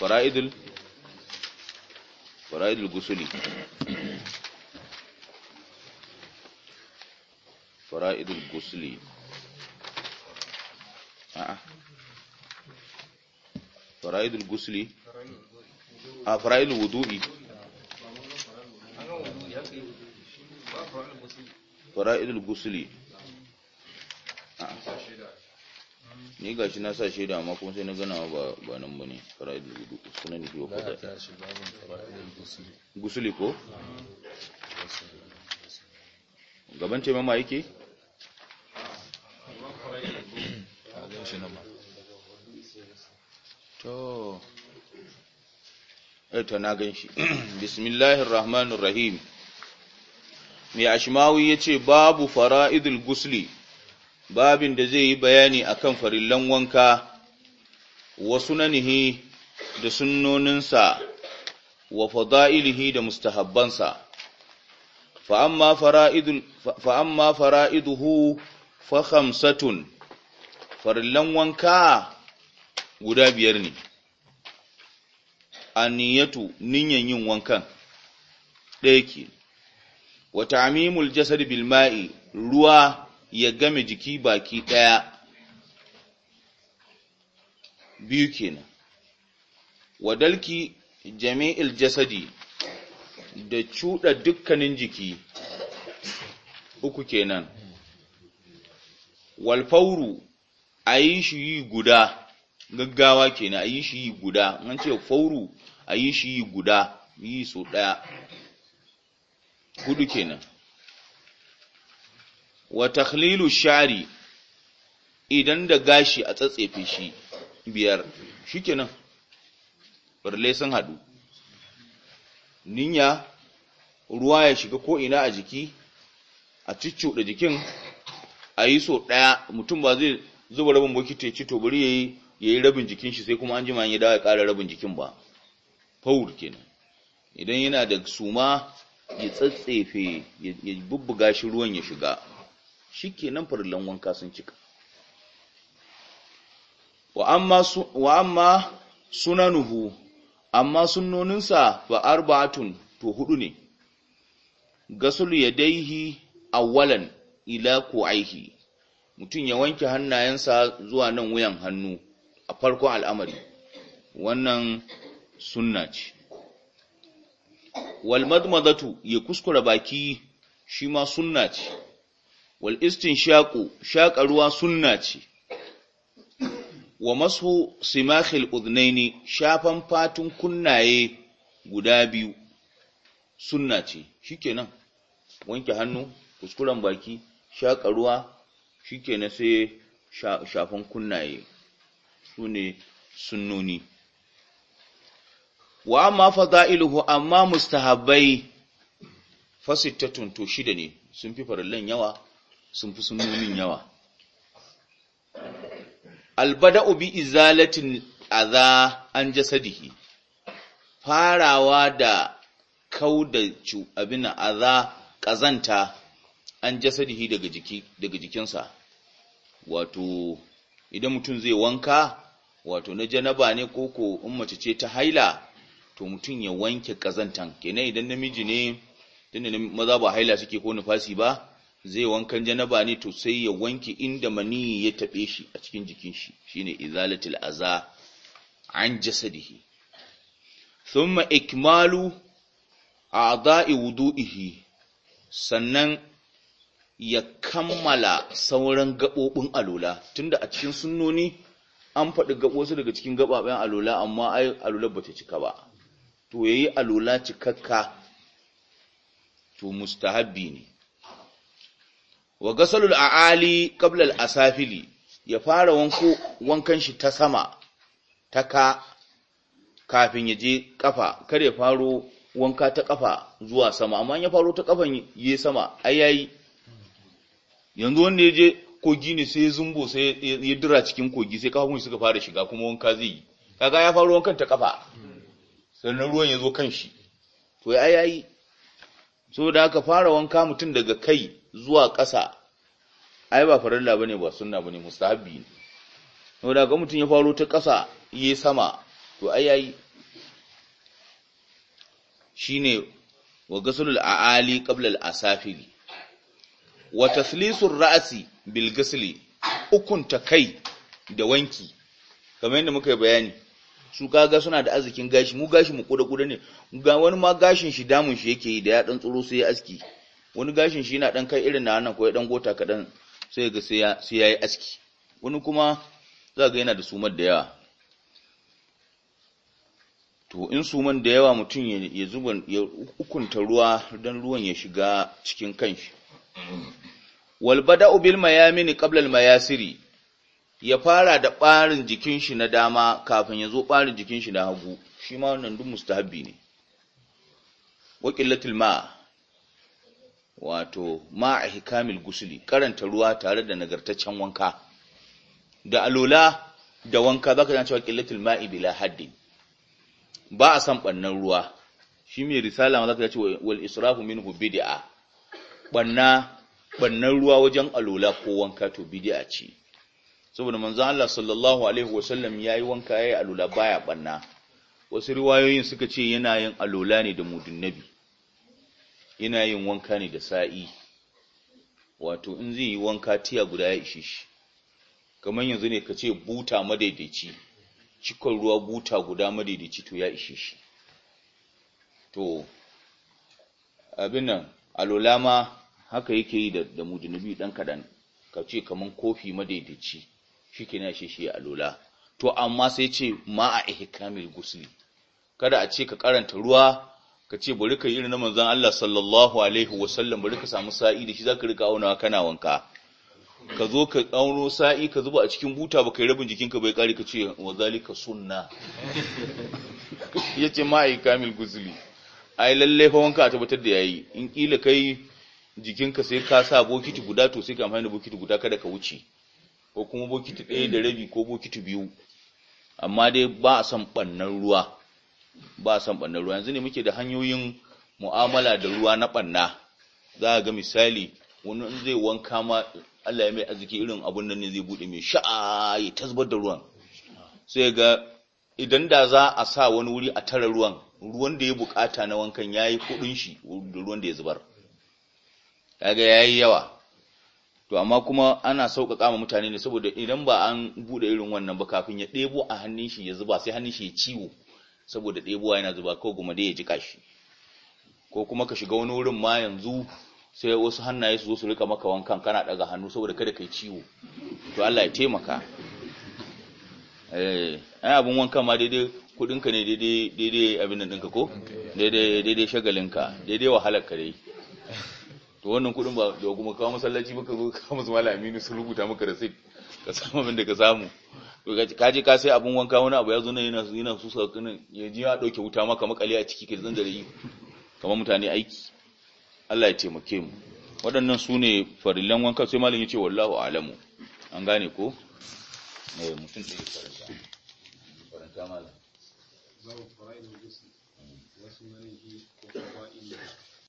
fara'idul fara'idul gusuli fara'idul gusuli a'a fara'idul gusuli a fara'idul wudu'i fara'idul gusuli ni gashi na sa shaida amma kuma sai na gana ba ba nan bane fara'id wudu sunan biyo ko da gusuli ko gaban ce mama yake to eh to na ganshi bismillahir rahmanir rahim mai ashmawi yace babu fara'idul gusli babin da zai yi bayani a kan farillan wanka wa sunanihi da sunnoninsa wa fada'ilihi da mustahabbansa fa'amma amma fara'iduhu fa farillan wanka guda biyar ne niyatu niyan yin wankan ɗaya ke wa ta'mimul jasad bilma'i ruwa ya game jiki baki ɗaya biyu kenan wadalki jami'il jasadi da cuɗa dukkanin jiki uku kenan walfauru a yi shi yi guda gaggawa kenan a shi yi guda an ce fauru a yi shi yi guda yi so ɗaya hudu kenan wa takhlilu shari idan da gashi a tsatsefe shi biyar shikenan barle sun hadu ninya ruwa ya shiga ko'ina a jiki a da jikin a yi so ɗaya mutum ba zai zuba rabin bokiti ya ci to bari yayi yayi rabin jikin shi sai kuma an jima ya dawo ya ƙara rabin jikin ba faul kenan idan yana da suma ya tsatsefe ya bubbuga shi ruwan ya shiga shi nan farillan wanka sun cika wa amma sunanuhu amma sunnoninsa ba arba'atun to hudu ne ya daihi awwalan ila aiki, mutum ya wanke hannayensa zuwa nan wuyan hannu a farkon al'amari wannan sunna ce Walmadu ya kuskura baki shi ma sunna ce wal istinshaqu shaqa ruwa sunna ce wa mashu simakhil udhnaini shafan fatun kunnaye guda biyu sunna ce shikenan wanke hannu kuskuren baki shaqa ruwa shikenan sai shafan kunnaye sune sunnoni wa amma fada'iluhu amma mustahabbai fasittatun to shida ne sun fi farallan yawa sun fi sunnonin yawa albada'u bi izalatin aza an jasadihi farawa da kauda abin aza kazanta an jasadihi daga jikinsa wato idan mutum zai wanka wato na janaba ne koko in mace ce ta haila to mutum ya wanke kazantan kenan idan namiji ne tunda maza ba haila suke ko nufasi ba zai wankan janaba ne to sai ya wanke inda mani ya taɓe shi a cikin jikin shi shine izalatul aza an jasadihi thumma ikmalu a'dha'i wudu'ihi sannan ya kammala sauran gaɓoɓin alola tunda a cikin sunnoni an faɗi su daga cikin gaɓaɓen alola amma ai alola bata cika ba to yayi alola cikakka to mustahabbi ne wa gasalul aali qabla al asafili ya fara wanko wankan shi ta sama ta ka kafin ya je kafa kar ya faro wanka ta kafa zuwa sama amma ya faro ta kafan yi sama ai yayi yanzu wanda ya je kogi ne sai ya zumbo sai ya dira cikin kogi sai shi suka fara shiga kuma wanka zai yi kaga ya faro wankan ta kafa sannan ruwan ya zo kan shi to ai yayi so da aka fara wanka mutum daga kai zuwa ƙasa ai ba farilla bane ba sunna bane mustahab'i ne to daga mutum ya faro ta ƙasa yayi sama to ai yayi shine wa ghuslul aali qabla al Asafiri. wa taslisur ra'si bil ghusli ukunta kai da wanki kamar yadda muka yi bayani su kaga suna da arzikin gashi mu gashi mu koda koda ne ga wani ma gashin shi damun shi yake yi da ya dan tsoro sai ya aski wani gashin shi na dan kai irin na nan ko ya dan gota kaɗan, sai ga sai ya yi aski wani kuma za ga yana da sumar da yawa to in suman da yawa mutum ya zuba ya hukunta ruwa don ruwan ya shiga cikin kanshi wal bada'u bil mayamin qabla mayasiri ya fara da barin jikin shi na dama kafin ya zo barin jikin shi na hagu shi ma wannan duk mustahabbi ne wa qillatil wato ma a hikamil gusuli karanta ruwa tare da nagartaccen wanka da alola da wanka zaka zan cewa qillatul ma'i bila haddi ba a san bannan ruwa shi mai risala ma zaka ji cewa wal israfu minhu bid'a banna bannan ruwa wajen alola ko wanka to bid'a ce saboda manzon Allah sallallahu alaihi wasallam yayi wanka yayi alola baya ɓanna. wasu riwayoyin suka ce yana yin alola ne da mudunnabi ina yin wanka ne da sa'i wato in zai yi wanka tiya guda ya ishe shi kamar yanzu ne ka ce buta madaidaici cikon ruwa buta guda madaidaici to ya ishe shi to abin nan alola ma haka yake yi da, da biyu dan kadan ka ce kaman kofi madaidaici shi ke na ishe shi alola to amma sai ce ma a kamil gusli kada a ce ka karanta ruwa ka ce bari ka yi irin na manzan Allah sallallahu alaihi wasallam bari ka samu sa'i da shi za zaka rika aunawa kana wanka ka zo ka auno sa'i ka zuba a cikin buta ba yi rabin jikinka bai ƙari ka ce wa zalika sunna yace ce ai kamil guzli ai lalle fa wanka a tabbatar da yayi in kila kai jikinka sai ka sa bokiti guda to sai ka amfani da bokiti guda kada ka wuce ko kuma bokiti ɗaya da rabi ko bokiti biyu amma dai ba a son ɓannan ruwa ba san ɓanna ruwa yanzu ne muke da hanyoyin mu'amala da ruwa na ɓanna. za a ga misali wani zai wanka ma Allah ya mai arziki irin abun nan ne zai buɗe mai sha'a ya tasbar da ruwan sai ga idan da za a sa wani wuri a tara ruwan ruwan da ya bukata na wankan yayi kudin shi da ruwan da ya zubar kaga yayi yawa to amma kuma ana sauƙaƙa ma mutane ne saboda idan ba an buɗe irin wannan ba kafin ya ɗebo a hannun shi ya zuba sai hannun shi ya ciwo saboda ɗebuwa yana zuba ko gumade ya jika shi ko kuma ka shiga wani wurin ma yanzu sai wasu hannaye su zo su rika maka wankan kana daga hannu saboda kada kai ciwo to Allah ya taimaka eh ai abun wankan ma daidai kudinka ne daidai daidai abin nan ɗinka ko daidai daidai shagalinka daidai wahalar ka dai to wannan kudin ba da kuma kawo masallaci baka zo ka musu malami ne su rubuta maka receipt ka samu abin da ka samu ka je ka sai abun wanka wani abu ya zo nan yana yana su saka nan ya ji ya dauke wuta maka makali a ciki ka da yi kamar mutane aiki Allah ya taimake mu waɗannan su ne farillan wanka sai malam ya ce wallahu alamu an gane ko eh mutum sai faranta faranta malam babu wasu ko